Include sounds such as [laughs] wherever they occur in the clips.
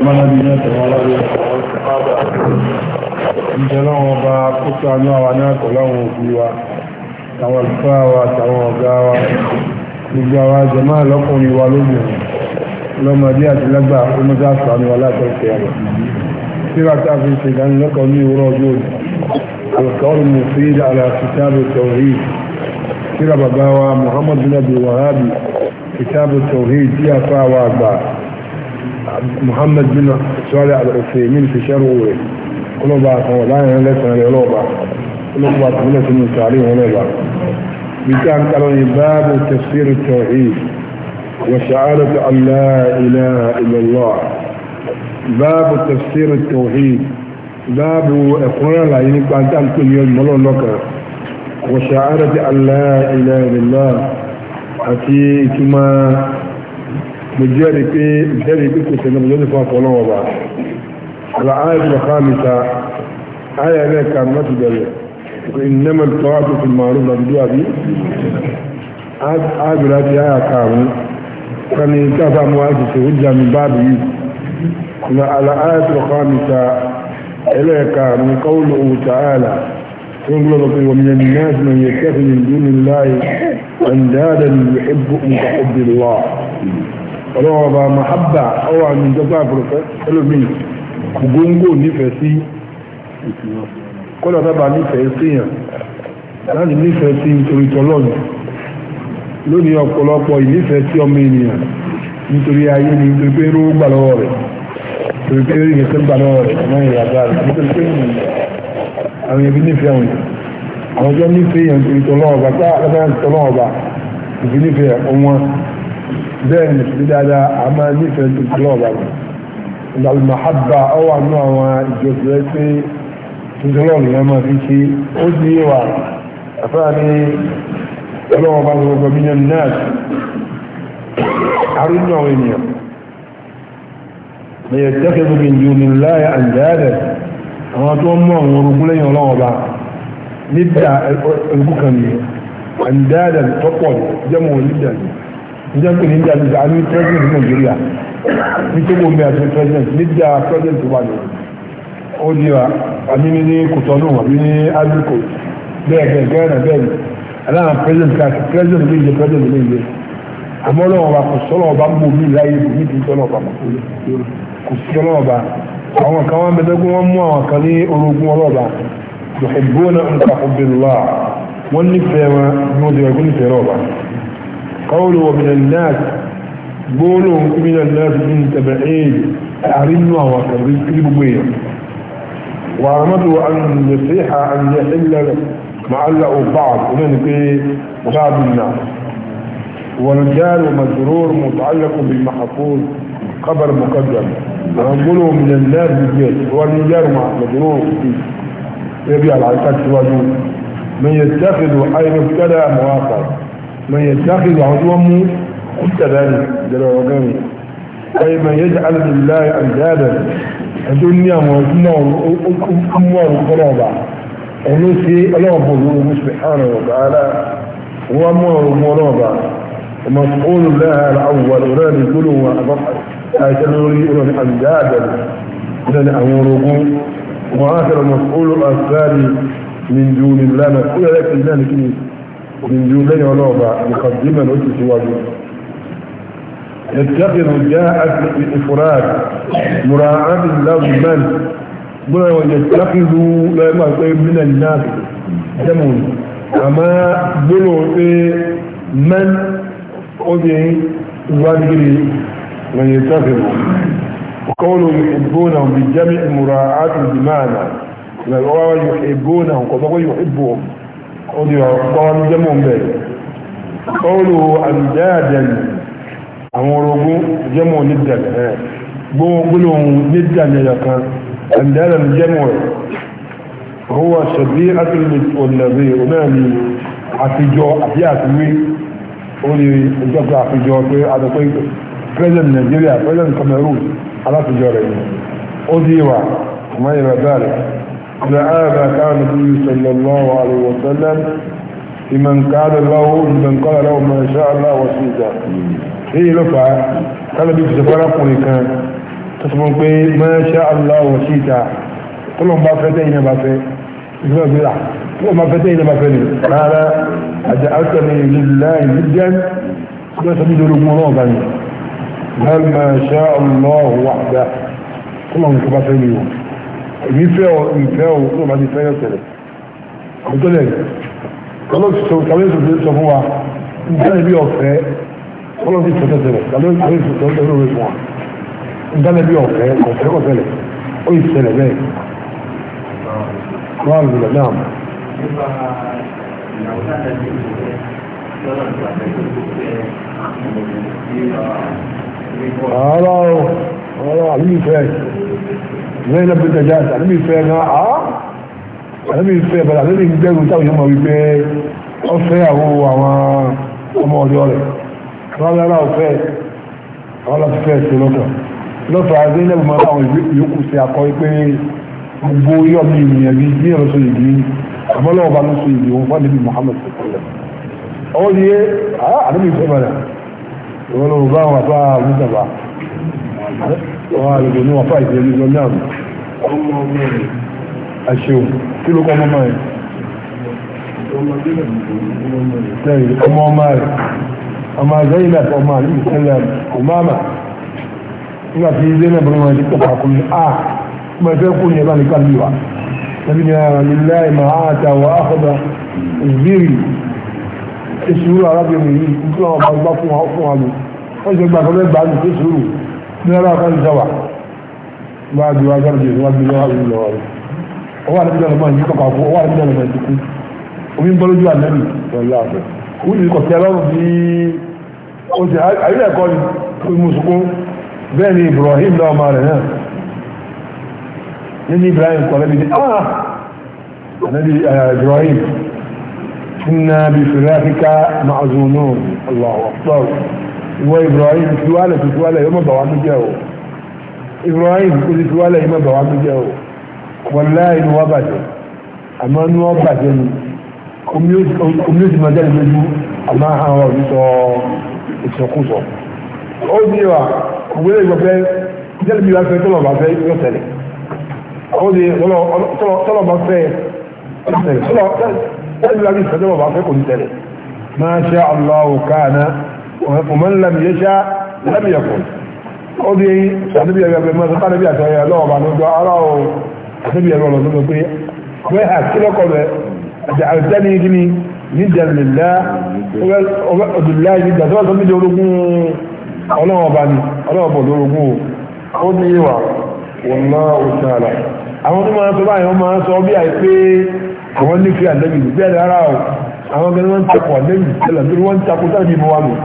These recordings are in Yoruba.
ìjọlọ́wọ́ bá kókò àánú àwọn náà tọ́láwọn òbí wa àwọn àlùfáà wa àtàwọn ọ̀gá wa gbogbo àwọn àjẹmọ́ àlọ́kùnrin wa lóbìnrin lọ́mọdé àti lágbà ọmọdé àfààní wa látọ̀ọ̀kẹ́ rẹ̀ síra tá a fi ṣe ìdánilẹ́kọ̀ọ́ ní ìwúrọ̀ ọjọ́ òní alùkọ́rù mufid alàkìtàbù tawhid síra bàbá wa muhammadu nabi wahabi kìtàbù tawhid tí a fà wa àgbà محمد بن صالح العثيمين في شهر شروه قلوبا وبعدين لسنا قلوبا قلوبا تمنى من التعليم ونبع بكان قرن باب تفسير التوحيد وشعارة أن لا إله إلا الله باب تفسير التوحيد باب الله يعني ينبقى أن كل يوم ملو لك وشعارة أن لا إله إلا الله أتي كما mo jẹ́rìí pé jẹ́rìí pé kò sẹ́ni ọmọdé fún akọ lọ́wọ́ bá ala ayé tó ká mi ta ayé ẹ̀rẹ́ kan láti bẹ̀rẹ̀ ìnáma tó wà tó fi màrún náà dúdú àbí ábìrì àti ayé àkàrún kan ní káfà mú àti sòwò jà mí bá bìí kuma ala ayé tó ká mi ta ẹ̀rẹ́ kan kọ́wọ́lù òwò tààlà ينظر ومن الناس من يتخذ من دون الله أندادا يحبهم كحب الله ọlọ́wọ́ ọba mahabba ọwọ́ àmì ìjọba àbúrọ̀fẹ́ ẹlòmíì gbogbo nífẹ̀ẹ́ sí kọ́lọ̀ sábà nífẹ̀ẹ́ sí yàn láti nífẹ̀ẹ́ sí nítorí tọ́lọ́nù lónìí ọ̀pọ̀lọpọ̀ ìnífẹ̀ẹ́ sí ọmọ ènìyàn nítorí ayé ni nítorí pé ró gbà lọ́wọ́ rẹ̀ nítorí pé gbà lọ́wọ́ rẹ̀ rẹ̀ nítorí pé àwọn ẹbí nífẹ̀ẹ́ àwọn nífẹ̀ẹ́ بينك بدل أمامي في الجلوبال إن المحبة أو النوع الجزئي في الجلوبال لما في شيء أزي وأفاني جلوبال ومن الناس أرين نوعيني ليتخذ من دون الله أنجادا أما تؤمن ورقلين ولوبا نبدأ البكمية أندادا تقول جمع نبدأ ìjọ pé níjà ní ìjà ní president Nàìjíríà ní tó gbòmí àti president níjà president wà ní ó di wa àbí ní ní kòtọ́nù àbí ní àdúgbò bẹ́ẹ̀ bẹ́ẹ̀ gẹ́rẹ́ náà bẹ́ẹ̀ ni aláàmà president káàkiri president lè jẹ president lè jẹ àmọ́ lọ́wọ́ wa kò sọ́lọ́ ọba ń bò mí láyé bò mí kìí sọ́lọ́ ọba kò sí ọlọ́ọ̀ba àwọn kan wọn bẹ̀rẹ̀ wọ́n mú àwọn kan ní orogún ọlọ́ọ̀ba yòòbó náà ń kà ó bẹ̀rù wá wọ́n nífẹ̀ẹ́ wọn ní wọ́n ti rẹ̀ kó nífẹ̀ẹ́ ọlọ́ọ̀ba قوله ومن الناس بولو من الناس من تبعين أعلنوا وكبرين كلبوا وعمدوا أن يصيح أن يحل معلقوا بعض ومن في بعض الناس والجار مجرور متعلق بالمحفوظ قبر مقدم نقوله من الناس بجيش والجار مجرور يبيع العيقات سواجون من يتخذ أي ابتدى مواقع من يتخذ عضوا مقتدا جل وعلا أي من يجعل لله أندادا الدنيا موزنة أموال القرابة ونسي الله سبحانه وتعالى وأموال المرابة ومسؤول لها الأول ولا نزلوا وأبقى أجلوري أولا أندادا لنا أموركم وآخر مسؤول الثاني من دون الله مسؤول لك الله من جولين مقدما وجه واجب يتقن جاءت بإفراد مراعاة له من بلا يتقن لا من الناس جمع أما بلو من أدعي واجبري من يتقن وقولوا يحبونهم بجمع مراعاة بمعنى ويحبونهم كما يحبهم odi ọ̀pọ̀wọ́n jẹ́ mọ̀ bẹ̀ kọ́ọ̀lù àmìjáàdẹ̀n àwọn orogún jẹ́ mọ̀ ní dẹ̀lẹ̀ gbóngbóngbó ní dẹ̀lẹ̀ kan àmìjáàdẹ̀n jẹ́ rẹ̀ هو شبيه أتلمت والنبي أمامي àtijọ́ àbí àtiwé orí ìjọba àtijọ́ pé àdọ́pẹ́ president Nigeria president Cameroon alátijọ́ rẹ̀ ó díwà ọmọ إلى كان النبي صلى الله عليه وسلم لمن قال له لمن قال له ما شاء الله وسيدا هي لفعة قال بيك سفرقني كان تسمون بي ما شاء الله وسيدا كلهم بافتين بافي يقول ما كلهم بافتين بافي قال أجعلتني لله جدا كما سبيل الأمور هل ما شاء الله وحده كلهم بافتين èmi fẹ́ ọ ìfẹ́ ọ tó bá ti fẹ́ yọ tẹ̀lẹ̀ àbútọ́lẹ̀ kọlọ́sì sọ fún wa ìdáni bí ọ̀fẹ́ kọlọ́sì sọ tẹ̀lẹ̀ kọlọ́sì sọ tẹ̀lẹ̀ lórí fún wa ìdáni bí ọ̀fẹ́ ọ̀fẹ́ kọ̀tẹ̀lẹ̀ ó yìí tẹ̀lẹ̀ bẹ́ẹ̀ kọ́ àlùlẹ̀ náà. Àárọ̀ ọ̀rọ̀ àbí ìfẹ́ lẹ́yìn lọ́pẹ́ tẹ̀já àtàlẹ́bí fẹ́ náà á àtàlẹ́bí fẹ́ bàtà àtàlẹ́bí ń gbẹ́rù táwọn èèyàn mọ̀ wípé ó fẹ́ àwọn àwọn ọmọ ọ̀dọ́ rẹ̀ wọ́n lára ọ̀fẹ́ àwọn lọ́fẹ́ ṣe lọ́kàn lọ́fẹ́ àgbẹ̀ lẹ́bù máa báwọn yòókù ṣe akọ pé gbogbo yọ̀ mi ènìyàn bíi bí ẹ̀rọ sọ yìí ní àmọ́lọ́wọ́ bá ló sọ yìí wọn fọ́n níbi Muhammad sọ̀tẹ́lẹ̀ ọwọ́ ni yé àtàlẹ́bí fẹ́ bàtà ìwọ́n lọ́wọ́ báwọn àbá ọ̀hán àlejò ní wàfà ìdí ẹni lọ́nà àmì ọmọ ọmọ rẹ̀ àṣeun kí ló kọ́ ọmọ rẹ̀ tẹ́yìn ọmọ ọmọ rẹ̀ ọmọ zainab ọmọ àlejò sẹ́lẹ̀ ọmọọmọ nígbà tí zainab ọmọ rẹ̀ ti pọ̀ pàkúrú a kuma fẹ́ kú ní ẹ̀bá ní kálí wa tàbí ah, gbá fún wa fún wa lò wọ́n ṣe gbà kọ́ mẹ́gbàá nílọ́lá ọ̀kan ìjọba bá a jùlọ agbára jù wá jùlọ àwọn ìlọ rẹ̀ ó wà níbi ọlọmọ yìí kọkà fún ó wà níbi ọlọmọ yìí kú omi ń bọ́ lójú àlẹ́mì lọ́lá ọ̀fẹ́ ó yìí kọ̀ sí ọlọ́run bí ó ti àyílẹ̀ ẹ̀kọ́ ni ó mú bẹ́ẹ̀ ni Ibrahim náà ọmọ rẹ̀ náà nínú Ibrahim kọ̀ lẹ́bi ní ah ànábi eh, Ibrahim bí fìlà kíkà máa zùnú ìwọ Ibrahim tiwálẹ̀ tó tiwálẹ̀ yóò mọ̀ bà wá tó jẹ́ o Ibrahim kò ti tiwálẹ̀ yóò mọ̀ bà wá tó jẹ́ o wọlé inú wa bàjẹ́ àmọ́ inú wa bàjẹ́ ni omi ó ti máa jáde lójú àmọ́ àwọn òbí sọ ìsọkúsọ ó di wa òwe lè gbọ́ pé jẹ́lẹ̀ bí wàá fẹ́ tọ́lọ̀ bá fẹ́ yóò tẹ̀lé ó di tọ́lọ̀ bá fẹ́ yóò tẹ̀lé tọ́lọ̀ jẹ́lẹ̀ bí wàá fẹ́ tọ́lọ̀ bá fẹ́ kò ní tẹ̀lé máa ṣe àlọ́ òkà náà. ومن لم يشاء لم يكن ọdún yìí sàdébí ẹgbẹ́ ẹgbẹ́ mọ́sán tàbí àtẹ́yẹ lọ́ọ̀bà lójú ara o àtẹ́bí ẹgbẹ́ ọ̀rọ̀ tó pé pé àkílọ́kọ̀ rẹ̀ àti àrùtẹ́ni gíní ní jẹ́lẹ̀lá ọdúnlá yìí jà tọ́wọ́ sọ́mídé ológun ọlọ́ọ̀bà ni ọlọ́ọ̀bọ̀ lórogún ní ìwà wọn náà ó sára àwọn tó máa sọ báyìí wọ́n máa sọ bí àì pé àwọn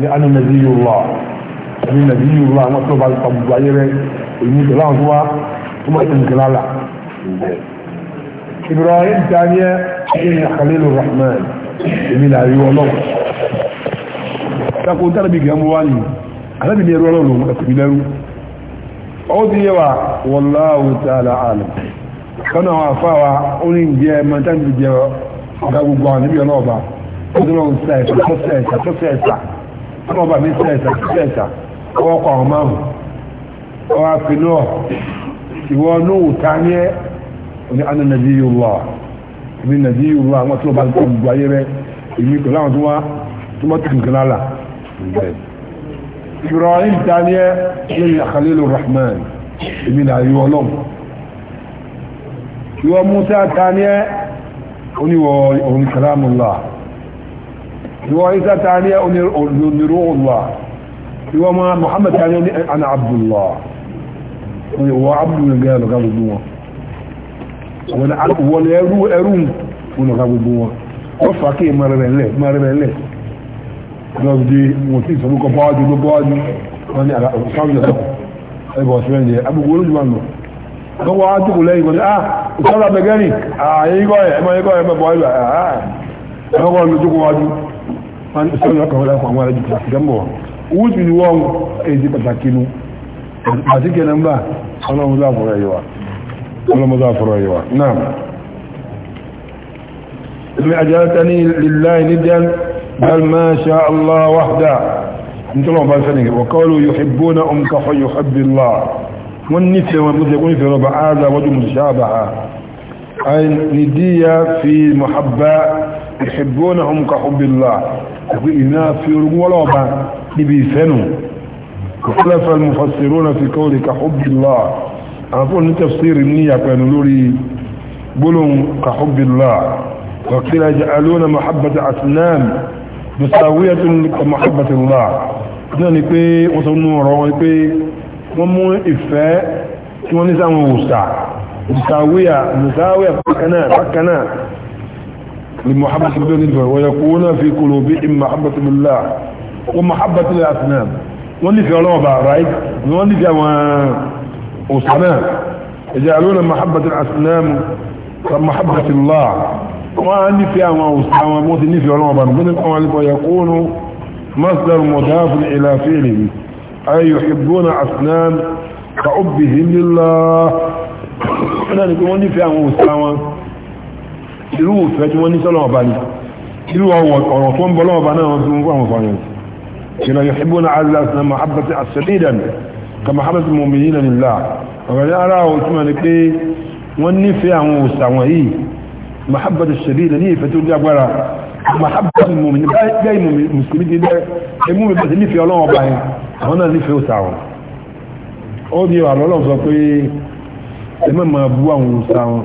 ní àná nàbí yóò lọ ẹni nàbí yóò lọ àwọn tó bá pa gbogbo ayé rẹ èyí tó láwọn tó wá tó máa tẹ̀lé kìlá la. Ibrahim Taniya ṣe ní Khalilu Rahman èmi là rí wọn lọ́wọ́. Dákun tàbí gẹ̀ẹ́mú wá ní àlábì ní ẹrú ọlọ́run ẹ̀kùn lẹ́rú. Ó ti yẹ wa wallahu ta'ala alam. Kọ́nà àwọn afáwa ó ní ìjẹ́ mọ́tàbí jẹ́ ọ̀gá gbogbo àwọn níbi ọlọ́ọ̀bá. Ó ti lọ́wọ́ sẹ́ẹ̀sà tó sẹ́ẹ̀sà tó sẹ́ẹ̀sà ọmọ ọba mi sẹ́ẹ̀sà sẹ́ẹ̀sà ọwọ́ kọ àwọn márùn ọwọ́ apinú ọ̀ ìwọ nóòwò ta ní ẹ́ oní àná nàbí yorùbá èmi nàbí yorùbá àwọn tó bá tó gbogbo ayé rẹ èmi pẹ̀lú àwọn tó wá tó mọ́ tó nǹkan lálà ibrahim ta ní ẹ́ lórí àkàlélò rahman èmi nà ayé ọlọ́m ìwọ musa ta ní ẹ́ oníwọ̀ òun kàlámùlá ìwọ isa ta ní onírúurúwa ìwọ ma muhammad ta ní ana abdullah ìwọ abdullah gẹ́rẹ̀ lọ́gá gbogbo wọn wọ́n ẹrú ẹrùn lọ́gá gbogbo wọn wọ́n fà kí mẹ́rẹ̀lẹ̀ lọ́gbẹ́ wọ́n tí ìsọ̀rọ̀kọ̀ bọ́ọ̀dù gbọ́ọ̀dù wọ́n ni àkọ́sọ́ lọ́wọ́ ájúkù lẹ́yìn kò ní ah ìṣọ́ra bẹ̀gẹ́rì ààyè igọ́ ẹ̀ ẹ̀mọ́ igọ́ ẹ̀mọ́ bọ́ ìgbà ààrẹ ọgbọ́n lójúkù wájú ah, ah, بل ما شاء الله وحده انت الله بسنه وقالوا يحبون أم كحي الله والنفي ومبوث يكون في ربع هذا وجه مشابهة أي ندية في محبة يحبونهم كحب الله ẹ̀kú iná fi orúkú wọ́lọ́ọ̀bá níbi ìfẹ́nu kòkòlẹ́fẹ́ mufassiruna fi qawli ka hubbillah àwọn fún ní tafsiri ní àpẹẹnu lórí gbólóhùn ka hubbillah وقيل يجعلون محبة أسنان مساوية كمحبة الله náà ni pé wọ́n sọ nínú ọ̀rọ̀ wọn pé wọ́n mú ìfẹ́ tí wọ́n ní لمحبة الله للفا ويكون في قلوبهم محبة الله ومحبة الأسنان واني في رابع رايك واني في أسنان يجعلون محبة الأسنان كمحبة الله واني في أسنان واني في من رابع ويكون مصدر مضاف إلى فعله أي يحبون أسنان كعبهم لله أنا نقول واني في أسنان irú ìfẹ́ tí wọ́n ní sọ́lọ́ ọba ni irú ọ̀rọ̀ tó ń bọ́ lọ́wọ́ ọba náà wọ́n fi ń kó àwọn fàyàn kìnnà yóò ṣíbó na allah sinna mahabbati asadidan ka mahabbati mumini na nila ọ̀rọ̀ ní ara ò túmọ̀ ni pé wọ́n nífẹ̀ẹ́ àwọn òsà wọn yìí mahabbati asadidan ní ìfẹ́ tó dágbára mahabbati mumini báyìí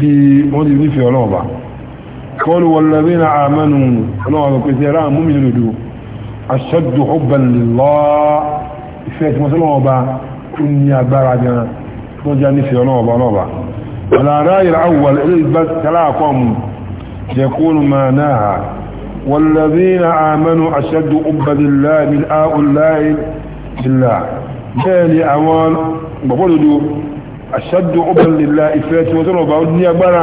bí wọ́n ti nífẹ̀ẹ́ ọlọ́ọ̀bà kọlu wọlọ́bí na àmánu ọlọ́ọ̀bà pèsè ara àmúmi lòdò aṣọ́dù ọgbàn lọ́ ìfẹ́ tí wọ́n sọ́lọ́ọ̀bà tó ní agbára gan tó já nífẹ̀ẹ́ ọlọ́ọ̀bà ọlọ́ọ̀bà alára ìrà awwal ilé ìgbà tẹ́lá والذين آمنوا أشد أبا لله من آء الله بالله ذلك aṣáájú ọbẹ̀ nílá ìfẹ́ tí wọ́n tọ́lọ̀ ọba ní agbára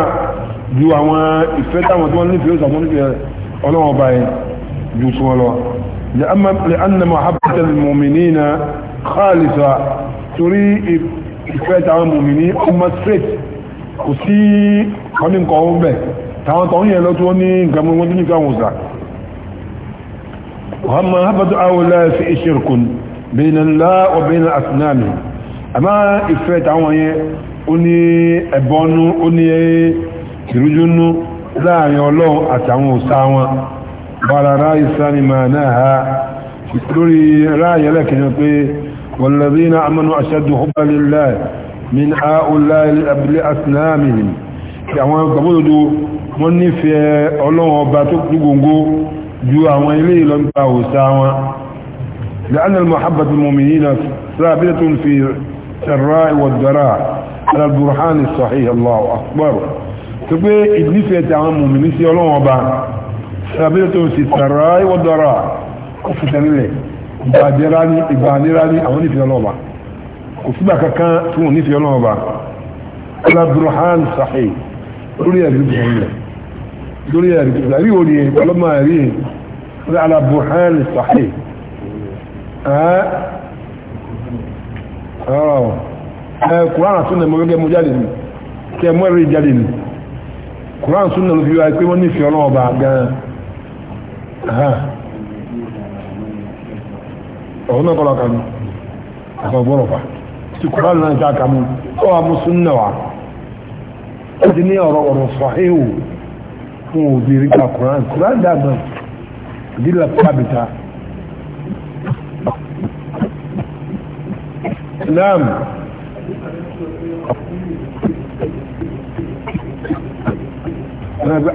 ju àwọn ìfẹ́ táwọn tí wọ́n nífẹ̀ẹ́ sàmú nífẹ̀ẹ́ ọlọ́wọ́n ọba yẹn ju tí wọ́n lọ. lẹ́nà mahabbata muminina khalisa torí ìfẹ́ táwọn mùmìnì ọmọ straight kò sí ọdún kan ó bẹ̀ táwọn tọ̀hún yẹn lọ tí wọ́n ní nǹkan mú wọn tó ní káwọn ọ̀sà. وهم هبط أولى في شرك بين الله وبين أصنامه àmá ìfẹ́ tàwọn yẹn ó ní ẹ̀bọnú ó ní ìrújúnú láàrin ọlọ́run àtàwọn òsá wọn bára ráyì sáni máa náà ha lórí ráyì ẹlẹ́kẹ̀ẹ́ pé wàlàzínà amánú aṣẹ́dù ọgbàlélà min àúlá abúlé asnáàmìnì kí àwọn gbàbódodo wọ́n nífẹ̀ẹ́ ọlọ́run ọba tó gbogbo ju àwọn ilé ìlọ́gbà òsá wọn لأن المحبة المؤمنين ثابتة السراء والضراء على البرهان الصحيح الله أكبر تبقى إبليس يتعامل من نسي الله وبا سابقة في السراء والضراء كفتن الله ìbàjẹ́rání ìbànírání àwọn onífẹ́ ọlọ́ọ̀bá kò sígbà kankan tí wọ́n nífẹ́ ọlọ́ọ̀bá alábùrọ̀hán sàhẹ́ lórí ẹ̀rí ìbìnlẹ̀ lórí ẹ̀rí ìbìnlẹ̀ ò ní ọlọ́mà ẹ̀rí alábùrọ̀hán sàhẹ́ Oh. Eh, ẹ kùránà súnà mọ́ gẹ́gẹ́ mú jáde ní kẹ mọ́ rí jáde ní kùránà súnà ló fi wá pé wọ́n nífẹ̀ẹ́ ọlọ́wọ́ bá gan-an ọ̀hún náà kọ́lọ́ka ní ọrụ fa tí kùránà náà já kàmú ọ wa mú súnà wa ó ti ní ọ̀rọ̀ ọ̀rọ̀ sọ̀híhù fún òbí rí نعم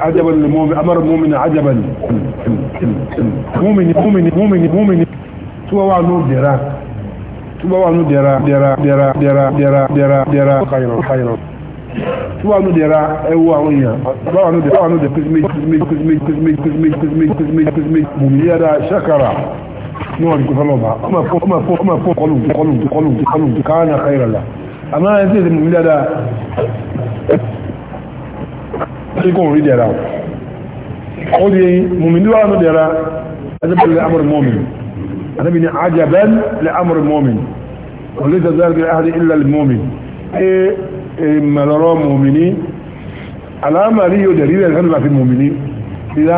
عجبا للمؤمن امر المؤمن عجبا مؤمن مؤمن مؤمن مؤمن تو وا نو ديرا تو وا نو ديرا ديرا ديرا ديرا ديرا ديرا ديرا خير خير تو وا نو ديرا ايوا ويا تو وا نو ديرا نو ديرا كزمي كزمي كزمي كزمي كزمي كزمي كزمي كزمي كزمي شكرا níwọ̀n kò fọ́lọ̀ bá ọmọ fún kọlù kọlù kọlù kọlù káàna àìrànlá àmá ẹ̀ tí èdè mú dáadáa tí kò rí dẹ̀ra ó di mùmìnú àwọn dẹ̀ra ajábẹ̀lẹ̀ lẹ́amọ̀rẹ̀ mọ́mìn àtàbí ni ajábẹ̀lẹ̀ lẹ́amọ̀rẹ̀ mọ́mìn kọlù tàbí ahàdì ilẹ̀ mọ́mìn ẹ̀ mẹ́lọ́rọ̀ mọ́mìnì alámàrí yóò dẹ̀rí rẹ̀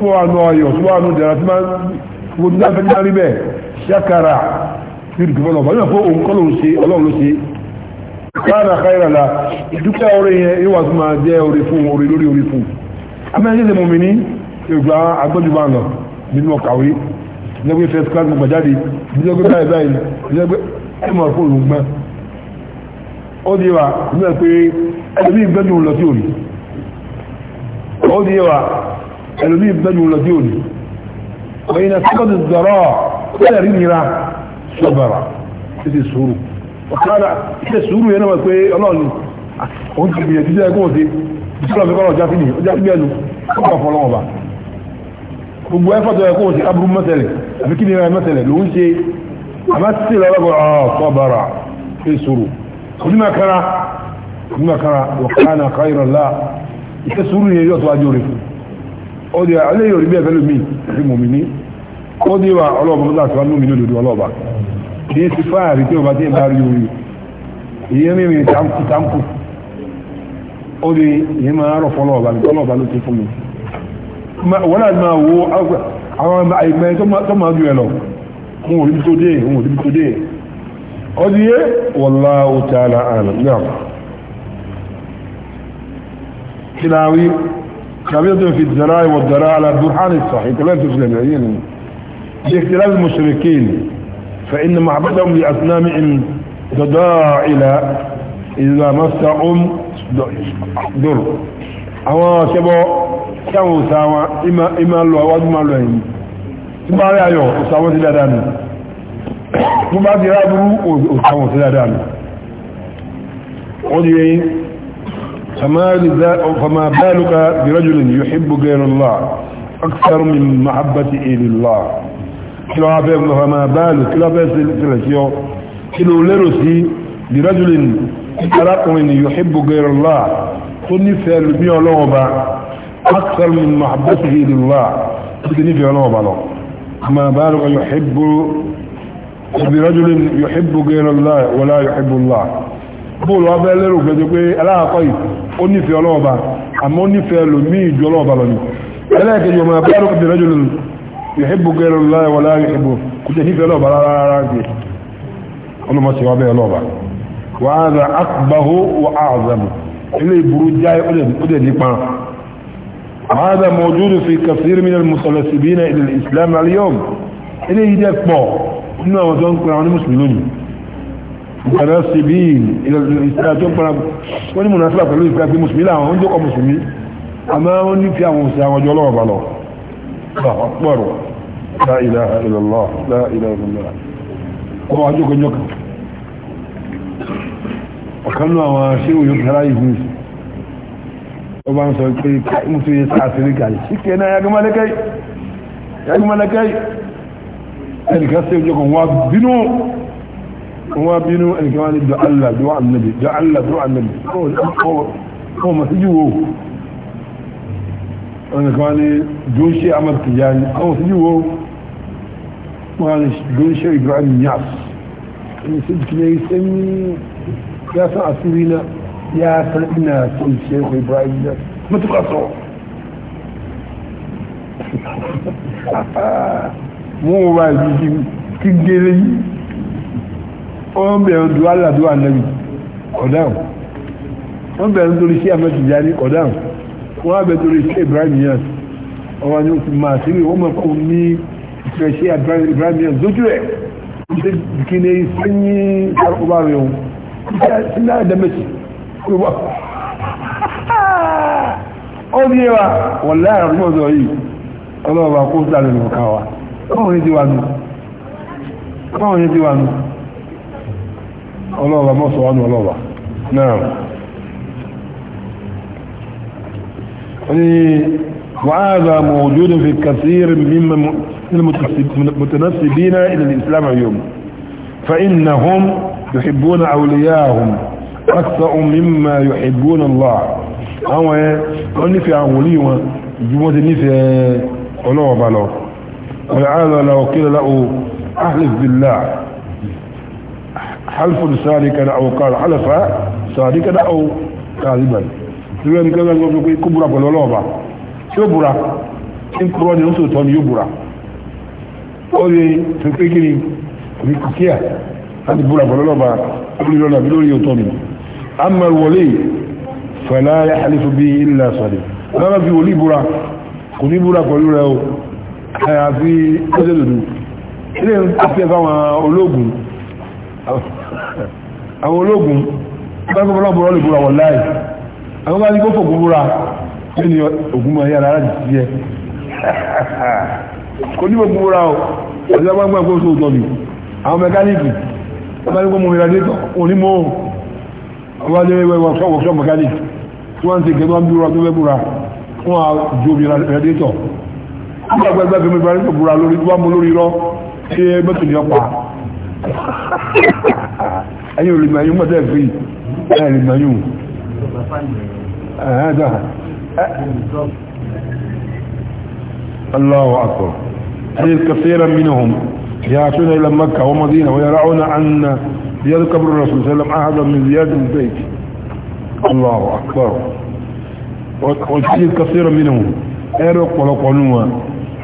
tó wà nù ayọ̀ tó wà nù jẹrà tí máa wo ní láti fẹ́ níbẹ̀ ṣàkàrà ní ìdúgbò náà báyìí fún òun kọ́ ló ń ṣe ọlọ́run ló ṣe káàdà káyìrà la ìdúpẹ́ orí yẹn yóò wá tó máa jẹ́ orí fún orí lórí orí fún amẹ́yẹ́ ṣe mọ̀mí ní ìgbà agbẹ́jùmọ̀ àná nínú ọ̀kàwé nígbàgbé first class gbogbo jáde nígbàgbé báyìí báyìí nígbàgbé ẹ̀mọ̀ fóònù gbọ́n ó di wa nígbà pé ẹ̀mí ìgbẹ́jùmọ̀ lọ sí òní ó di wa ẹlòmí ìgbẹ́nu lọ́dí òní ọ̀yìnà sọ́kọ̀dù zọ̀rọ̀ tẹ́lẹ̀ rí nira sọ́bàrà títí sùúrù ọ̀kadà títí sùúrù yẹn náà pé ọlọ́ọ̀ni òun ti gbìyànjú jẹ́ ẹgbẹ́ òde ìṣọ́lọ̀ fẹ́ kọ́ ọjà fínì ọjà fínì ẹnu ọkọ̀ fọlọ́wọ́ bá gbogbo ẹ̀fọ́ tó yẹ kó o ti aburú mẹ́tẹ̀lẹ̀ àbí kí ni ra mẹ́tẹ̀lẹ̀ ló ń ṣe àbá títí lọ́wọ́ sọ́bàrà títí sùúrù ọ dị aléyìn orí bí ẹ̀fẹ́ lómi sí mòmìnì ó wa ọlọ́ọ̀bà mọ́tà tí wọ́n mú mi ní òdòdó ọlọ́ọ̀bà kì í ti fáàrí tí bá ti ń bá rí orí ìyẹn ìyẹn máa كبيرة في الزرائي والدرائي على الدرحان الصحيح لا تسلمين باختلال المشركين فإن معبدهم لأسنام إن تدعى إلى إذا مسع أم در أما شبه كم ساوى إما إما الله وإما الله ثم على أيوه ساوى سلادان ثم على أيوه ساوى سلادان قد يهين فما, فما بالك برجل يحب غير الله أكثر من محبة إلى الله كلا عبير فما بالك كلا بيسلسيو كلا لرسي برجل أرقم يحب غير الله تنفى لبي الله أكثر من محبته إلى الله تنفى الله ما بالك يحب برجل يحب غير الله ولا يحب الله bóòlù ọbẹ̀ lérò gbẹ́jọ pé aláàkọ́ yìí ó nífẹ̀ẹ́ ọlọ́ọ̀bà àmọ́ ó nífẹ̀ẹ́ lòmí ìjọ ọlọ́ọ̀bà lọ́nà ẹlẹ́ẹ̀kejì ọmọ abẹ́rẹ́ kò bẹ̀rẹ̀ jùlọ yẹ̀hìbù gẹ́rọ láì wọlé àyẹ̀hìbù kò jẹ́ nífẹ̀ẹ́ munasibin ìsìnà tó gbọ́nà wọ́n ní munasibà pẹ̀lú ìpínlẹ̀ pé musulmi láwọn oúnjẹ́ kọ musulmi àmọ́ wọ́n ní fi àwọn òsì àwọn ọjọ́ lọ́wọ́ bá lọ pọ̀rọ̀ la ilaha illallah la ilaha illallah ọmọ ajókòjọ́ kan ọ̀kanú àwọn ṣéwò yóò tara ìhun ó bá ń sọ pé musulmi sàásìrí gàrí síkẹ́ náà yagumalekai yagumalekai ẹnìkan sí ojókòó wa bínú wọ́n bínú ẹnìkan wá ní dọ́àlá dọ́à nàbì dọ́àlá dọ́à nàbì kọ́ mọ̀síjú wo ẹnìkan wá ní dọ́ṣẹ́ amadu tijani kọ́ mọ̀síjú wo wọ́n wá ní dọ́ṣẹ́ ibrahim yas ẹni sí kìnnà ìsẹ́yìn ya san asiri na ya san ina son shehu ibrahim yas matuƙa sọ [laughs] mo wà ní kí gẹ́rẹ́ yìí wọ́n bẹ̀rẹ̀ dùn aládùn ànábì kọ̀dáhùn wọ́n bẹ̀rẹ̀ nítorí sí àmọ́ Tìjàní kọ̀dáhùn wọ́n bẹ̀rẹ̀ nítorí sí Ibrahim yẹn ọwọ́ ni ó ti máa sí wọ́n mọ̀ kó ní ìfẹ́ sí Ibrahim yẹn lójú ẹ̀ ṣe kí ni sẹ́yìn ọba rẹ̀ o sí náà dẹ́mẹ̀tì ó ní ẹwà wọ́n láàrín ọdún ọ̀dọ̀ yìí ọlọ́ọ̀bà kó sálẹ̀ lọ́kà wa báwọn ní ti wà nù الله ما سبحانه الله نعم يعني وهذا موجود في كثير من المتنسبين الى الاسلام اليوم فانهم يحبون اولياءهم اكثر مما يحبون الله هو قلني في اولياء جمودني في اولياء بالو ولعل لو قيل له احلف بالله حلف صادقا او قال حلف صادقا او كاذبا ìrẹ́ni kẹ́lẹ́ ń gbọ́ pé kó búra pẹ̀lú ọlọ́ọ̀bá tí ó búra tí ń kúrọ́ ní oṣù tọ́ ni yóò búra ó lè tó pé kí ni rí kíá láti búra pẹ̀lú ọlọ́ọ̀bá lórí lọ́nà àbí lórí òtọ́ ni amma wọlé fẹ̀lá halifu bí illa sọ̀dẹ̀ lọ́nà fi wòlí búra kò ní búra pẹ̀lú rẹ o àyàfi ọjọ́ dòdò ilé ń pàṣẹ fáwọn ológun àwọn ológun gbọ́gbọ́gbọ́ lè búra wọ̀n láì àwọn bá ní kó fògún búra tí ni ogun mọ̀ yára láti sí ẹ [laughs] kò ní o ọ̀sẹ̀ gbọ́gbọ́ kó tó tọ́bi àwọn mẹkáníìkì wọ́n bá ní kó mú mi ra dé wọ́n ní mọ́ wọ́n bá lé wọ́kṣọ́ wọ́kṣọ́ mẹkáníìkì tí wọ́n ti gẹ̀ wọ́n búra tó fẹ́ búra wọ́n á ju omi ra dé tọ̀ wọ́n gbàgbẹ́ fi mi [laughs] أيوه المعيون ما فيه أهل المعيون هذا الله أكبر حديث كثيرا منهم يأتون إلى مكة ومدينة ويرعون أن يذكر قبر الرسول صلى الله عليه وسلم أحدا من زيادة البيت الله أكبر والحديث كثيرا منهم أرق ولقنوا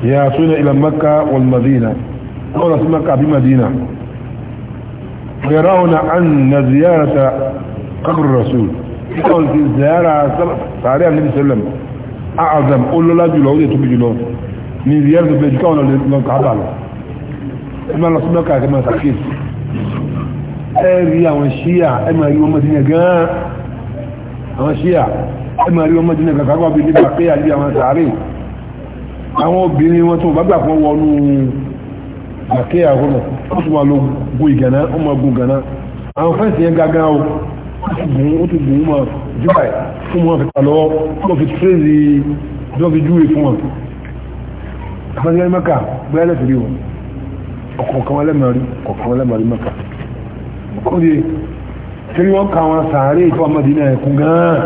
يأتون إلى مكة والمدينة قولت مكة بمدينة يرون أن زيارة قبر الرسول يقول في زيارة صحيح النبي صلى الله عليه وسلم أعظم قول له لا جلو ودي تبي جلو من زيارة بيجكون لنقعد له إما الله سبحانه كما تحكيز ẹ̀rí àwọn ṣíyà ẹmà rí wọn mọ́dínà gan-an àwọn ṣíyà ẹmà rí wọn mọ́dínà gan-an kàkọ́ bí nípa pé àlú àwọn sàárè àwọn obìnrin wọn tó bá gbà fún wọnú àkẹ́ àhónà ó sì máa lọ gun ìgànná ó máa gun gànná àwọn fẹ́ǹsì yẹn gángan o ó ti gùn ó ti gùn ó máa jùbà ẹ̀ fún wọn fi ta lọ́wọ́ wọ́n fi tírèzì wọ́n fi júwe fún wọn àfẹ́sẹ̀ mẹ́ka bẹ́ẹ̀ lẹ́sẹ̀ rí wọn ọ̀kọ̀ọ̀kan wọn lẹ́mọ̀rí ọ̀kọ̀ọ̀kan wọn lẹ́mọ̀rí mẹ́ka ó di torí wọ́n ka wọn sàárè tó wọn mọ̀dínà ẹ̀kún gan-an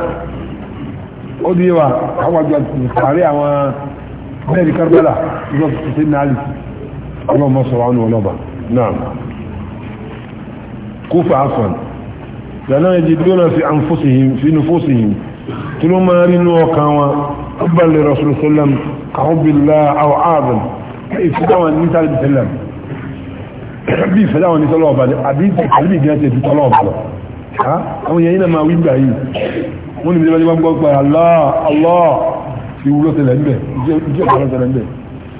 ó di wa àwọn àjọ sàárè àwọn bẹ́ẹ̀ ní kárúbẹ́là ìjọ tuntun náà اللهم صل عنه ونبع نعم كوفة عفوا لأنهم يجدون في أنفسهم في نفوسهم تلوما رنوا وكاوا حبا لرسول صلى الله عليه وسلم كحب الله أو عاظم ìfúdáwọn ní sáré bí sẹ́lẹ̀m bí ìfẹ́láwọn ní sọ́lọ́ ọ̀bàdẹ̀ àbí àbí ìgbìyànjẹ́ ti tọ́lọ́ ọ̀bàdẹ̀ àwọn èèyàn iná máa wígbà yìí wọ́n ni bí wọ́n gbọ́ pẹ̀ aláà aláà ti wúlọ́sẹ̀lẹ̀ ń bẹ̀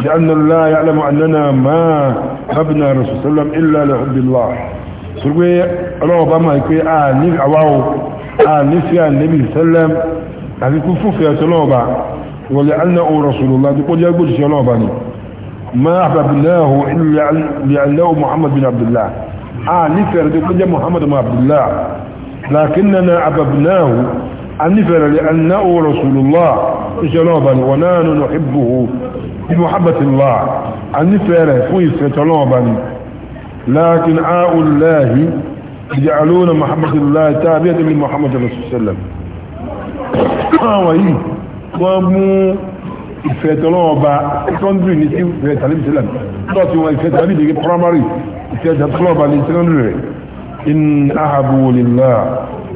لأن الله يعلم أننا ما حبنا رسول صلى الله عليه وسلم إلا لحب الله سوي الله بما يقول آنف آه، عواو آه، آنف آه، يا النبي صلى الله عليه وسلم هذه كفوف يا تلوبة ولأنه رسول الله تقول يا قدس يا لوباني ما أحببناه إلا لأنه محمد بن عبد الله آنف يا تقول يا محمد بن عبد الله لكننا أحببناه أنف لأنه رسول الله إيش لوباني ونحن نحبه بمحبة الله عني فعله فوي فتلوه بني لكن آء الله يجعلون محبة الله تابعة من محمد صلى الله عليه وسلم وهي ومو ìfẹ̀tọ́lọ́wọ́ bá secondary ní sí ìfẹ̀tàlẹ́ ìsìlẹ̀m lọ́wọ́ tí wọ́n ìfẹ̀tàlẹ́ ìdíje primary ìfẹ̀tàlọ́wọ́ bá ní secondary rẹ̀ in ahabu lillah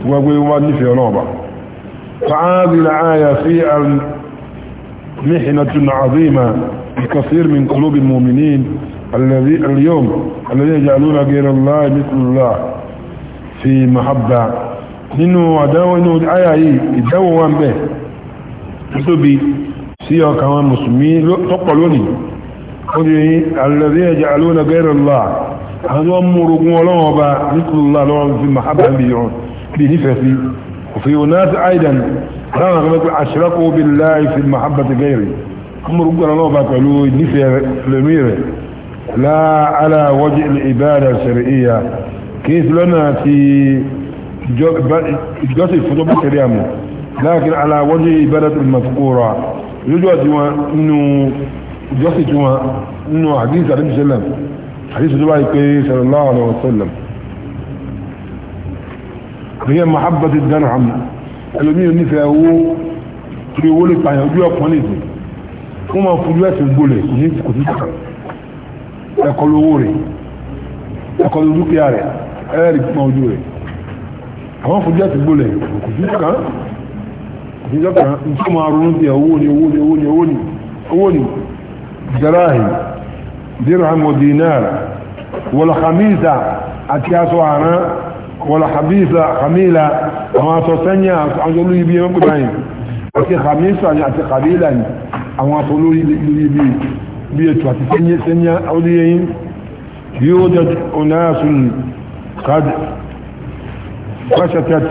wọ́n gbé wọ́n nífẹ̀ẹ́ ọlọ́wọ́ bá. ayà fi محنة عظيمة لكثير من قلوب المؤمنين الذي اليوم الذين يجعلون غير الله مثل الله في محبة nínú àdánwò inú àyà yìí ìdánwò wọn bẹ̀ tóbi sí ọkà wọn mùsùlùmí tọ́pọ̀ lónìí ó di alẹ́rí ẹ̀jẹ̀ alóòlà gẹ́rẹ̀ lọ́à àwọn tí wọ́n mú orogún ọlọ́wọ́n ọba nítorí lọ́wọ́ fi mahabba bí nífẹ̀ẹ́ sí òfin onáti aidan رغم بالله في المحبة غيري كم ربنا الله بقلوه نفير لمير لا على وجه العبادة الشرعية كيف لنا في جوز الفتوبة الشرعية لكن على وجه عبادة المذكورة يجوى أنه جوز جوا أنه حديث عليه وسلم حديث دبائي كي صلى الله عليه وسلم هي محبة الدرحم ẹlòmí onífẹ̀ẹ́ owó torí owó lè pààyàn ojú ọ̀pọ̀ nìdí wọ́n máa fojú ẹ̀sìn gbolẹ̀ kò ní kò ní kàkà ẹ̀kọ́ lówó rẹ̀ ẹ̀kọ́ lówó dúkìá rẹ̀ ẹ̀rì pípọ́n ojú rẹ̀ àwọn fojú ẹ̀sìn gbolẹ̀ kò ní kàkà kò ní kàkà nítorí máa ronú bí owó ni owó ni owó ni owó ni owó ni jarahi dirham wa dinar wal khamisa àti aṣọ àrán wọ́n hamisa hamila àwọn aṣọ sẹ́yìn àwọn olóyè bíi ẹgbẹ́ báyìí àti hamisa ni àti hamila ni àwọn aṣọ olóyè bíi bíi ètò àti sẹ́yìn sẹ́yìn olóyè yìí yóò jẹ́ onáàsùn káàdì fásitẹ́t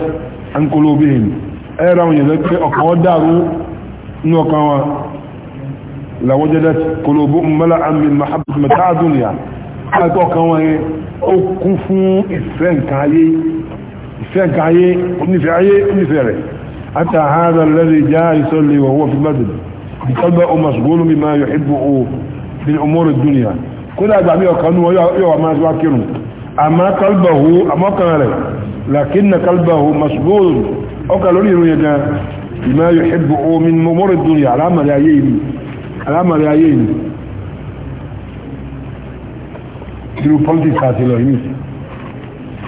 ànkólóbìn ẹ̀rọ àwọn èèyàn pé ọ̀kan dàrú ní ọkàn wa làwọ́jẹ́dẹ́t kólóbó mọ́lá àmì mahabbat mẹ́ta dúnìyà àgbọ̀ kan wọn yẹn ó kún fún ìfẹ́ nǹkan ayé ìfẹ́ nǹkan ayé onífẹ́ ayé onífẹ́ rẹ̀ àtà ààrẹ lẹ́rìí já ìsọ́lẹ̀ ìwọ̀wọ́ fi mẹ́tò ìtọ́gbẹ́ ọmọ ṣùgbọ́n mi máa yọ ìbò o bí ọmọrò dúnìyà kódà àgbà mi ọ̀kan nù yọ àmà wá kírun àmà kálbàwò àmọ́kan rẹ̀ làkínà kálbàwò mọ̀ṣùgbọ́n ọkà lórí ìròyìn gan ìmáyọ̀ ìbò o mi ọmọrò dúnìyà alámàrí ayé yìí irú politics àti lọ yìí nìsí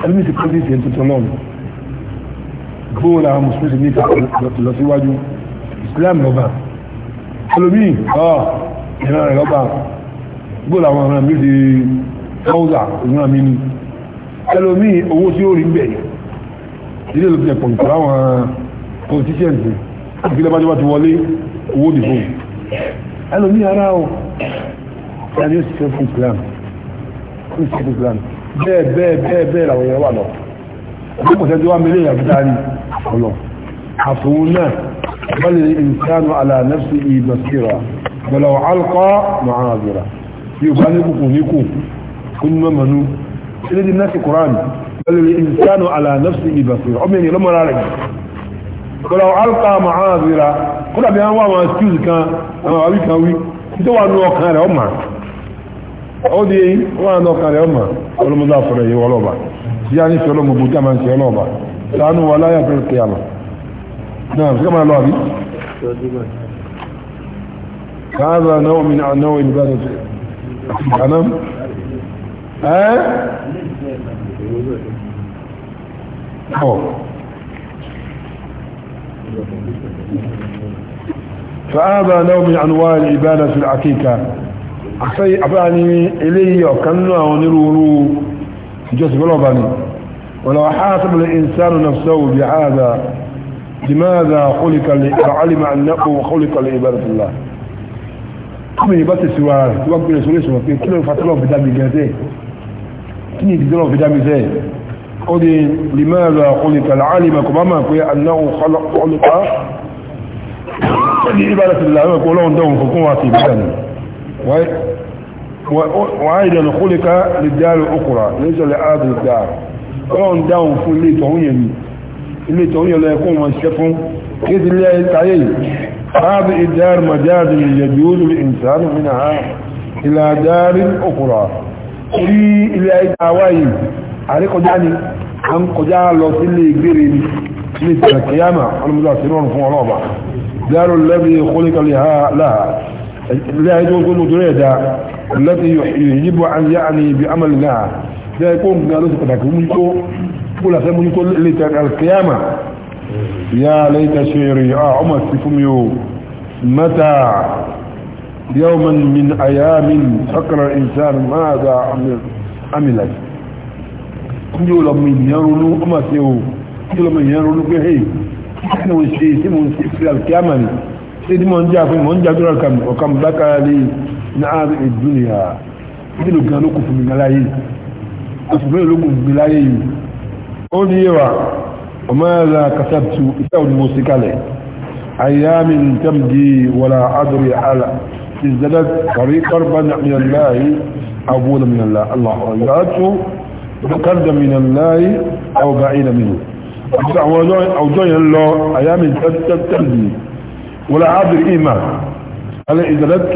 ẹlẹ́mì ti politics yẹn tuntun náà nù bóòlù àwọn mùsùlùmí ní ká lọ́síwájú Islam lọ́ba ẹlòmíì ọ̀ ìran rẹ̀ lọ́ba bóòlù àwọn ọ̀ràn mi ti fọ́ọ̀zà ìran mi ni ẹlòmíì owó tí ó rí ń bẹ̀ yẹn ilé ìlú ti ẹ̀pọ̀ ìpàdé àwọn politicians ìpínlẹ̀ bájọba ti wọlé owó dìbò ẹlòmíì ara ọ̀ ẹni ó sì fẹ́ fún Islam ìṣẹ́lẹ̀ islam bẹ́ẹ̀ bẹ́ẹ̀ bẹ́ẹ̀ bẹ́ẹ̀ làwọn èèyàn wà lọ ọdún kò sẹ́jọ́ wá mílíọ̀nù yàtọ̀ dárí ọlọ àfòun náà bọ́lẹ̀ ìsánu alànẹ́fì ìbọ̀síra bọ̀lọ̀ alkọ́ mọ̀hánàbìra yóò bá ní kùkù ní kù kún mọ́mọ́nú ilé di nẹ́sì kùránì bọ́lẹ̀ ìsánu alànẹ́fì ìbọ̀síra ọmọ ènìyàn lọ́mọ́ra rẹ̀ bọ̀lọ̀ alkọ́ mọ̀hánàbìra kó dàbí àwọn àwọn ó di eyín wọ́n á lọ kàrẹ̀ ọmọ ọlọ́mọdé àfọ̀rẹ̀ fi ọlọ́mọ bójú àmà Na ṣe ọlọ́ba sànú wa láyà na ṣe àmà náà ṣé máa lọ àbí. káàdà náà mi náà náà ìlú bá tẹ̀sí àná ẹ́ ọ̀ فهذا نوع àfẹ́ àfẹ́ ni eléyìí ọ̀kan nínú àwọn onírúurú ìjọsìn ni ولو حاسب الإنسان نفسه بهذا لماذا خلق لعلم أنه خلق لعبادة الله kọ́mọ̀ yìí bá ti sí wa tí wọ́n gbìyànjú lè sọ̀rọ̀ pé kí ló ń fatọ́lọ̀ fi dámi gẹ̀ẹ́sẹ̀ kí ni ìdíjọ́lọ̀ fi dámi sẹ́ ó di limáàlá ọkùnrinta láàrínmà kò bá máa وأيضا خلق للدار الأخرى ليس لهذه الدار ọlọ́run dáhùn fún ilé ìtọ̀hún yẹn ni ilé ìtọ̀hún yẹn lọ ẹkùn wọn ṣe fún kí ti lé ayé هذه الدار مجاز منها إلى دار أخرى orí ilé ayé àwá yìí àríkọjá ni a ń kọjá lọ sí ilé ìgbèrè ní ilé ìtàkìyàmà ọlọ́mọdé àti ìrọ̀rùn fún لا يجوز مدريدا التي يجب أن يعني بعمل لها لا يكون قالوا سكتك مجتو ولا سمجتو القيامة يا ليت شعري آه عمر سفميو متى يوما من أيام فكر الإنسان ماذا عمل عملت يقول من يرونو أما سيو كل من يرونو بهي نحن من ونشيسي الكامل ìdí mọ̀ ń jẹ́ àfihàn mọ̀ ń jẹ́ àdúrà kàmù ọ̀kàmù bákàlì ní àárín ìdúnìyà nílùú gan ló kù fún mi láyé òṣùpẹ́ ló kù fún mi láyé yìí ó ní yẹwà ọmọ ẹ̀rọ kasabtu iṣẹ́ òní mo sì kalẹ̀ àyàmì tẹ́mdì wàlà àdúrà àlà ìzẹ́lẹ̀ kàrí kọ́rbà nàmìyànláyé àbúrò nàmìyànlá aláhùn ìyàtú kọ́rbà nàmìyànláyé àwọ̀bà ìnàmìyàn àwùjọ yẹn lọ àyàmì tẹ́mdì ولا عابر إيمان أنا إذا لدت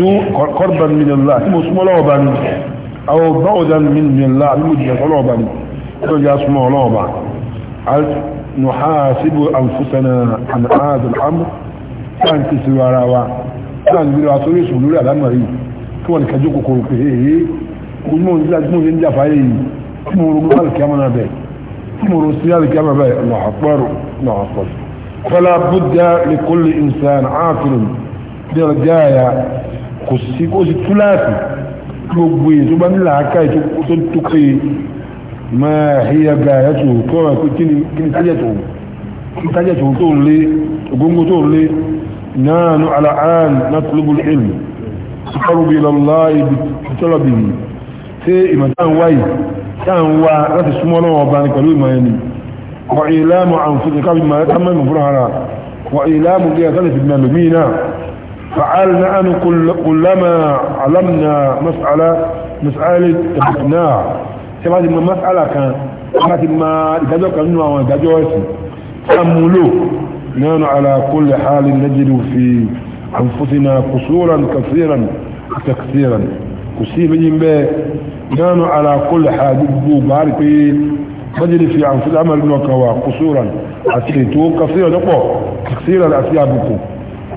قربا من الله اسمه لعبا أو بعدا من من الله المجنة لعبا رجع اسمه لعبا نحاسب أنفسنا عن هذا الأمر كان كسوى روا كان بالعطوية سبلولة الأمر كما نكجوك كوركيه مجمون جمون جنجا فايه كما نقول الكامنا بيه كما نقول الكامنا بيه الله أكبر الله أكبر فلا بد لكل إنسان عاقل برجايا قصي قصي ثلاثي كلوبوي ثم نلاقي تلتقي ما هي غايته كما كنت حاجته كنت حاجته تقول لي تقول تقول لي نحن على الآن نطلب العلم تقرب إلى الله بطلبه في إمتان واي كان هو رأس السمولة وبانك الوئي ما يني وإيلام أنفسهم كان بما تمام فرهنا وإيلام بها ثلاث المامبين فعلنا أن كل كلما علمنا مسألة مسألة تبقناها سبعد ما مسألة كان سبعة ما إتجاو كان نوع وإتجاو اسم تأملوا نحن على كل حال نجد في أنفسنا قصورا كثيرا تكثيرا كثيرا من به نحن على كل حال بارك مجد في عن في العمل المكوى قصورا أسيتو كثيرا دقو كثيرا أسيابكو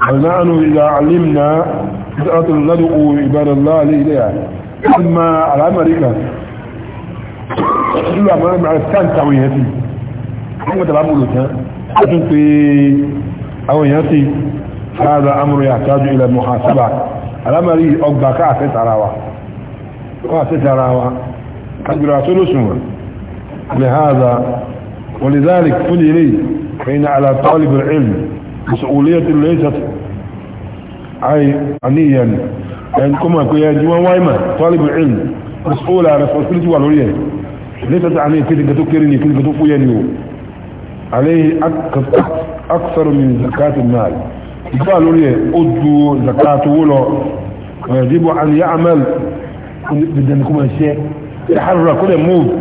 فنحن إذا علمنا بدأت ندعو عباد الله إليها أما الأمريكا كل ما مع الثاني تاويهتي كما تلعبوا لك أتن في أويهتي هذا أمر يحتاج إلى محاسبة الأمري أقبكا أفتراوا أفتراوا أجرى ثلث لهذا ولذلك قل لي فإن على طالب العلم مسؤولية ليست عينيا لأن كما كي جوان وايما طالب العلم مسؤول على مسؤولية والولية ليست عنيا كده تكرني كده تفويني عليه أكثر من زكاة المال قالوا لي أدو زكاة ويجب أن يعمل بدنا نكون شيء يحرر كل موت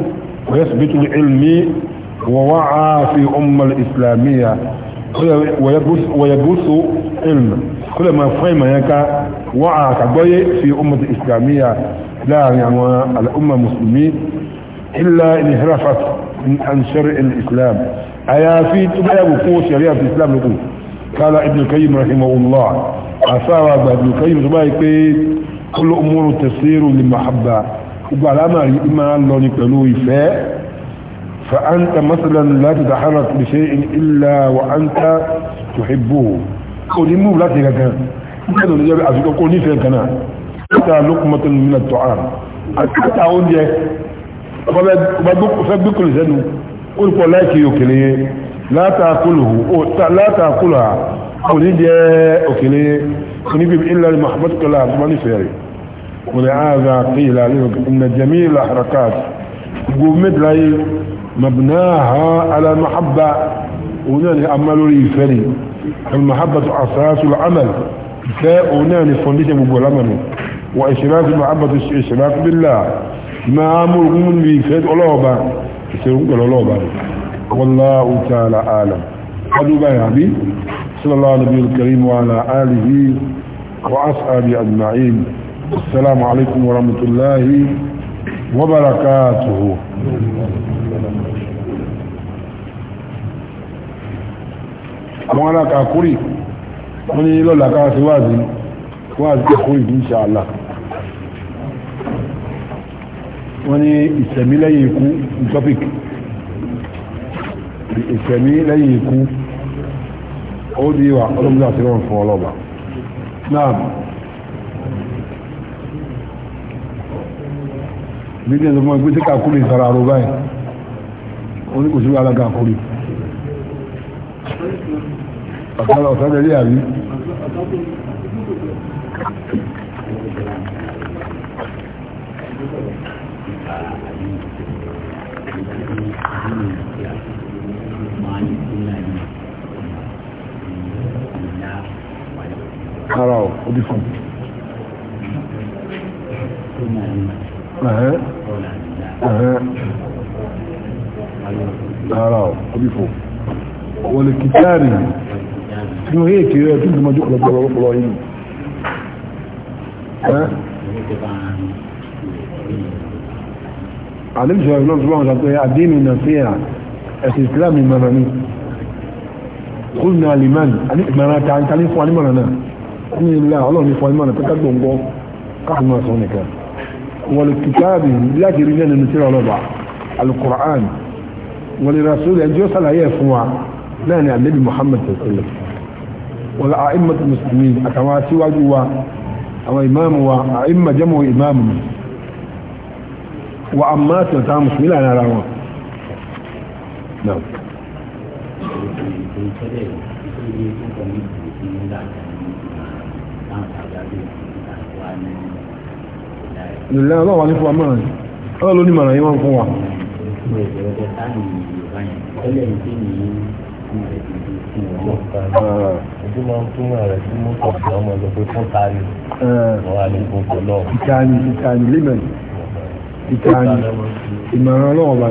ويثبت العلم ووعى في أمة الإسلامية ويبث ويبث علم كل ما فهم يكا وعى كبوي في أمة الإسلامية لا يعني الأمة المسلمين إلا انحرفت عن شرع الإسلام أيا في تبعي قوة شريعة الإسلام لكم قال ابن القيم رحمه الله أصاب ابن القيم تبعي كل أمور تسير للمحبة gbogbo àlámà yìí máa lọ ní pẹ̀lú ìfẹ́ fa'anta masalan láti dáhàrà tó ṣe in illa wa an ta tó hibbo kò ní mú láti gangan nígbàtà ní jẹ́rẹ́ àfikọ́ kò ní fẹ́ gana láta lókùnmọ́tò nínú tọ́à àtàtà oúnjẹ fẹ́ gbé kòlù sẹ́nu ó ń pọ̀ láìkí òkèlè láta kòlù ha kò ní jẹ́ òkèlè oníbi ilẹ̀ mahamadukala àti mọ́nífẹ̀ẹ́ rẹ̀ ولهذا قيل ان جميع الحركات قومت لي مبناها على المحبة وناني أمل لي فري المحبة أساس العمل فأناني فنديش أبو العمل وإشراك المحبة إشراك بالله ما أمر من بي فري ولوبا يسيرون قال ألوبة والله تعالى أعلم قد بها يا صلى الله عليه الكريم وعلى آله وأصحابه أجمعين السلام عليكم ورحمة الله وبركاته àwọn aláka kúrì wọ́n ní lọ́la ká sí wáàzí wáàzí kúrì ní ṣàlá wọ́n ní ìṣẹ̀mí lẹ́yìn ikú ìṣẹ̀mí bí ní ẹ̀lọ́mọ́ ìgbésẹ̀ kàkúrì ìsara àrò báyìí oníkòsí wà alága àkúrì ọ̀sára ọ̀sára ilé àrí ara ọ̀ ó dí fún ara ọ̀bífò wọlé kìtàrí tí ó yé kìí rẹ̀ tí ó mọ́jú ọ̀pọ̀lọpọ̀lọpọ̀lọ yìí àdébìsọ̀ ìlọ́n tó wọ́n sọ pé àdínì na fi à ẹ̀sì ìsìlámi mara ní kúrùnà alìmán mara ta ń tàní fún anímọ̀ràn náà kúrùnà ọlọ́run ولكتابه لكن رجال النسير ولبع القرآن ولرسول أن يوصل هي فوع لا يعني النبي محمد صلى الله عليه وسلم والأئمة المسلمين سوى جوا أو إمام وأئمة جمع إمام وأما تلتها مسلمين أنا رأوا نعم Thank نعم. you. ìlànà náà ní fún wa mẹ́rin ló ní màrà yín fún wa. ojú máa ń túmọ̀ rẹ̀ sí mọ́tò àti ọmọ ọ̀dọ́ pé fún tani wọ́n á lè gbogbo náà. ìtàní ìtàní lẹ́mẹ̀ẹ́ ìtàní ìmọ̀ràn ọlọ́wọ́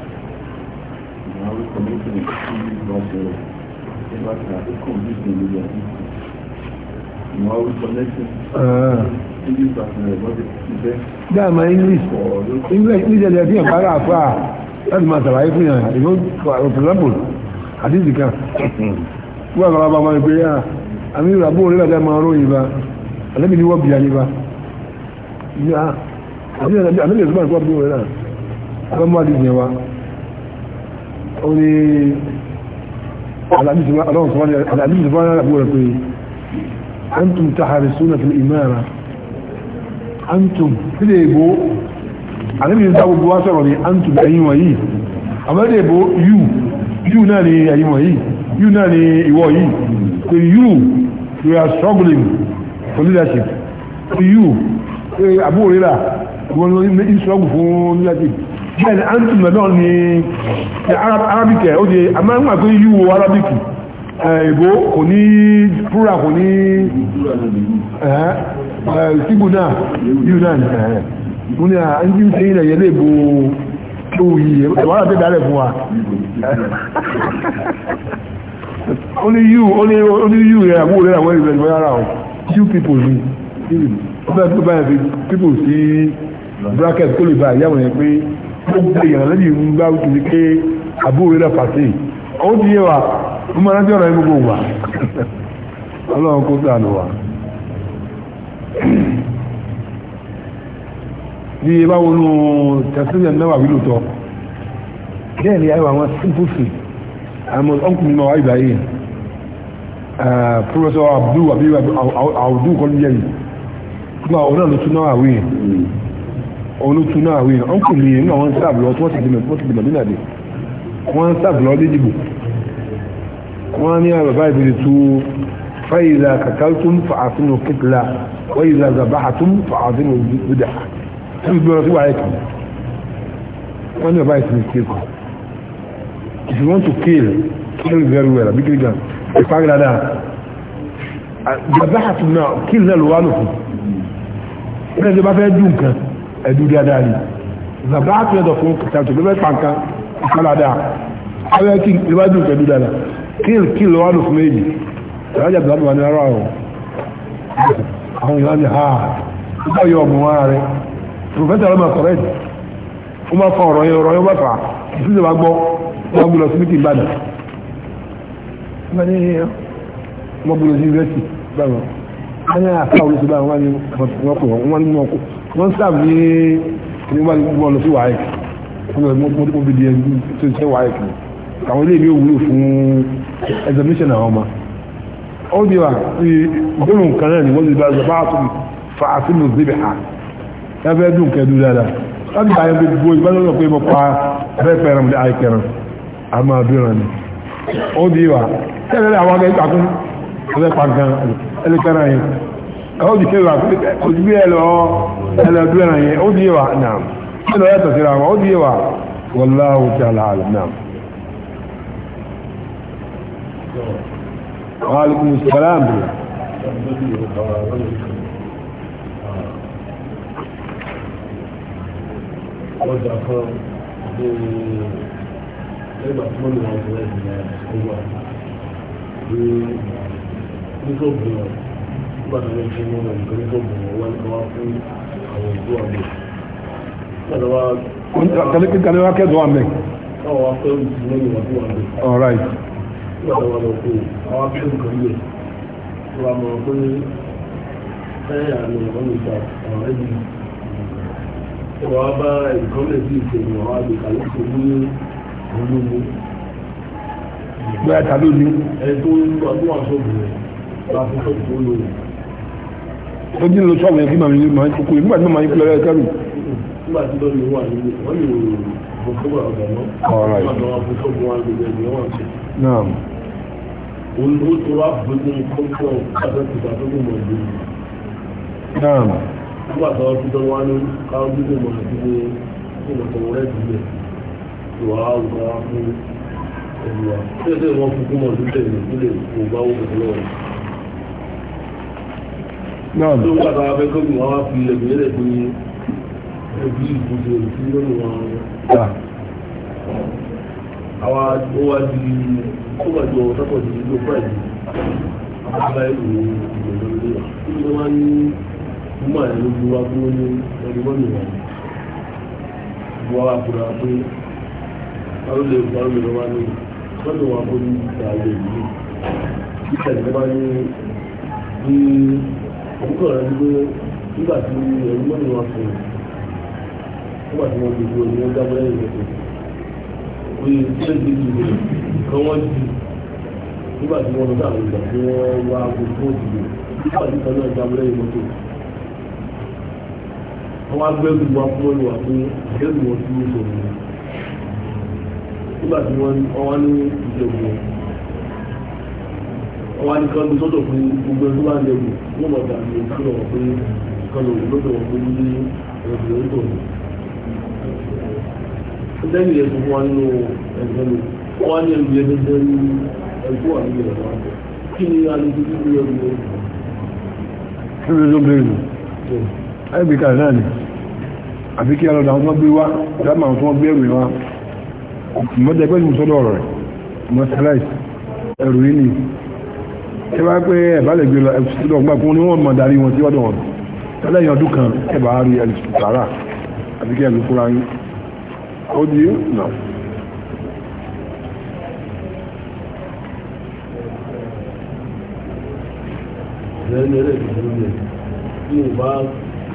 now we commit to the complete gospel. But uh, it completes the media. Now we connect it. Dáàmà English English ní ìjẹ̀lẹ̀ fi hàn bára àfáà láti máa sàlàyé fún yàn ìlú òpìlápùl àdíjì kan. Wọ́n àgbà bàbá máa gbé yára, àmì ìràbó orí bàtà máa ròyìn bá, àlẹ́bì ni wọ́n bìí ayé bá. Àlẹ́bì ni wọ́n bìí ayé bá orí aláàbíjì bá rẹ̀ bú rẹ̀ pé antum taharisuna fil imara antum sílẹ̀ ègbó aláàbíjì sáwọ́ bú wá sọ̀rọ̀ ní antum ẹ̀yìn wọ̀nyí àmọ́dé ègbó yù yù náà ni ẹ̀yìn wọ̀nyí yù náà ni ìwọ yìí pé yù you are struggling for leadership pé yù pé àbúrò rírà wọ́n ní struggle fún leadership bẹ́ẹ̀ antum náà ní arabic ẹ̀ ó di àmọ́ ń yíwo arabic eh, ìbò kò ní plural kò ní sígbò eh, eh, náà ẹ̀ mú ní à ń jí ń ṣe ilẹ̀ wọ́n àti ìdálẹ̀ fún wa ó ní rẹ̀ àwọn ìwọ̀n ara few people bracket kó lè bá gbogbo èèyàn lẹ́yìn ń gbá òtù ní pé àbúrò rẹ̀ pàṣẹ ó ti yé wa mo máa rántí ọ̀rọ̀ yẹn gbogbo wa ọlọ́run kó sànù wa. bí ẹ bá wọnú tẹsílẹ̀ mẹ́wàá wílò tọ́ bẹ́ẹ̀ ni ayọ̀ àwọn simple food àwọn ọkùnrin náà wáyé professor abdul abdul abdul kọ́lù yẹ̀yì fún àwọn ọ̀nà ló tún náà wáyé òun ló tún náà àwọn èèyàn ọ̀nkù mi nínú àwọn sáàbù lọ tí wọ́n ti di mọ̀dínà dé wọ́n sáàbù lọ déjìbò wọ́n ní àbàbá ìbèrè tó fàyíza kàkàtún fàásínú kìtìlá wáyíza zàbáhàtún fàásínú bídà tí gbogbo ọ̀rọ̀ sí wàá wọ́n ní bàbá ìsinmi kí if you want to kill kill very well àbí kiri gan ìparí dáadáa zàbáhàtún náà kill náà ló wà lókun ó dẹ̀ ẹ̀dú dáadáa ni zàbá àti ẹ̀dọ̀ fún kìtàtù ló fẹ́ pàǹkà ìfàlàdà ọ̀rẹ́ kí ìwájú pẹ̀lú dáadáa kíl kíl lọ́wọ́ lò fún méjì ìwájú àbúrò wà ní ara ọ̀ àwọn ìwà ni ha ìgbà yọ ọmọ wa rẹ pòfẹ́sà lọ́mọ kọ̀rẹ́ jù ó máa fa ọ̀rọ̀ yẹn ọ̀rọ̀ yẹn wà fà ìfúnṣe wa gbọ́ ah, wọ́n gbúlọ̀ sí mítì ìbàdàn wọ́n gbúlọ̀ sí yunifásitì báwọn wọ́n ní àfáà olùsọ báwọn wọ́n ní wọ́n kù wọ́n sáà ní ẹni wọ́n gbọ́ lọ sí wáyẹ̀kì wọ́n lọ mọ́ tó fi di ẹni tó ń sẹ́ wáyẹ̀kì àwọn ilé mi ò wúlò fún examination àwọn ọmọ ó di wa gbóhùn kan náà ni wọ́n ti bá a bá a tó fa àfihàn síbi ha ẹ fẹ́ dùn kẹ́dùn dáadáa láti bá a yẹ kó gbogbo ìgbà lọ́wọ́ pé mo pa abẹ́ fẹ́ràn mi àyè kẹrin àmọ́ àbíràn ni ó di wa tẹ́lẹ̀ àwọn akẹ́kọ̀ọ́ ó di kíwà kò sí bí ẹlọ ẹlọdú ẹran yẹn ó di yẹwà náà ẹlọ yàtọ̀ síra wọn ó di yẹwà wallahu ta'ala alam náà. wa alaikum salaam bi. ọjà kan ní ẹgbàá tí wọ́n lè wọ́n ti rẹ̀ ní ọjà ní ní tó bìrọ̀ nígbà tó lè fi mú tó bọ̀ wọ́n wá fún àwọn ìlú ọ̀dọ́. kàlẹ́ kẹ́dùn wà lọ. all right. nígbà tó wà lọ pé àwọn akéwì kan yẹ tó wà mọ̀ ní ẹ tó ń lọ tó wà sóbì rẹ̀ láti sóbì tó lónìí ó dín lọ sọ́ọ̀bù yẹn kí màmí máa ń kókó yìí nígbà tí màmá yín pẹ̀lẹ́ ẹ̀kẹ́rù. nígbà tí nígbà tí wọn gbogbo wọn ṣe. ó tó wá gbogbo mọ̀ ní káwọn gbogbo mọ̀ àdúgbò ìlọ̀kọ̀ náà tó wà bá fẹ́ gómìn wọn wá fi ẹ̀gbìn lẹ̀ pé ẹbí ìbùdó ìfún lónìí wọn àwa ó wá di ó wà jọ sọ́kọ̀ sí ìlú fúráìdì àbá ìlú ìgbòho lórí wa kí ló wá ní mú àyè lójú wa kúrò ní ẹgbẹ́ wọn nìyẹn wọ́n wá kúrò pé wọ́n lè wọ́n lè wá ní wọ́n lè wá kó ní ìgbà ayé yìí kí sẹ́yìn tó bá ní ní òkú ọ̀rọ̀ ní pé nígbà tí ẹ̀rú mọ́ni wọn fún un nígbà tí wọ́n gbogbo ni wọ́n dábọ́ lẹ́yìn lẹ́sẹ̀ pé ṣé ìdí ìdìbò kan wọ́n jù nígbà tí wọ́n lọ sí àwọn ìgbà tí wọ́n wá gbogbo òdìbò nígbà tí kan náà dábọ́ lẹ́yìn mọ́tò àwọn agbẹ́rù wa fún wà pé ẹ̀rù wọn tí ó sọ̀rọ̀ nígbà tí wọ́n wá ní ìjọba ọwọ́ ní kọ́lù sọ́dọ̀ fún gbogbo ẹni tó bá ń lè wò wọ́n mọ̀ dà ní ojú ọ̀rọ̀ pé kọ́lù lọ́dọ̀ wọn fún ní ọ̀dọ̀ tó ń lẹ́yìn lè fún wọn nínú ẹ̀gbẹ́ mi wọ́n ní ẹ̀rù yẹn gẹ́gẹ́ ní ẹ̀kọ́ àmì ẹ̀rọ kí ni a lè fi kí ní ẹ̀rù yẹn. kí ló ló bẹ̀rẹ̀ nù ẹ̀bí kan náà ni àfi kí ọlọ́dà wọn gbé wá dáàmà wọn gbé ẹ̀rù wá mọ́tẹ́gbẹ́ ìmúsọ́dọ̀ ọ̀rọ̀ rẹ̀ mọ́tẹ́láìsì ẹ̀rù yìí nìyí ṣe wá pé ẹ̀bá lè gbé lọ ẹ̀sùn ọgbà kún ní wọ́n mọ̀ darí wọn síwájú wọn lẹ́yìn ọdún kan ẹ̀bá rí ẹ̀sùn tààrà àti kí ẹ̀sùn fúnra yín ó di nà. lẹ́yìn ẹ̀rẹ́ ìdílé rẹ̀ bí o bá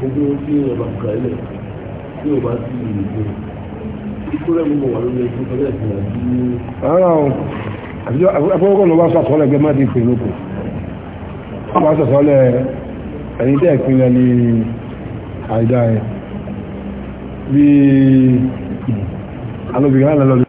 ojú tí èèyàn bá kà ilẹ̀ bí o bá sí ìrìnàjò ìkúrẹ́ gbogbo wà lórí ẹ̀sùn fẹ́lẹ́ ìsìn àti. rárá o àbúrò kan ló bá sọ àkọọ́lẹ̀ gbẹ́mọ́ àti ìpè lóko ọmọ sọ̀sọ́lẹ̀ ẹni tẹ́ ìpínlẹ̀ ní àìdá ẹ̀ bí alóbìnrin lọ́lọ́lọ́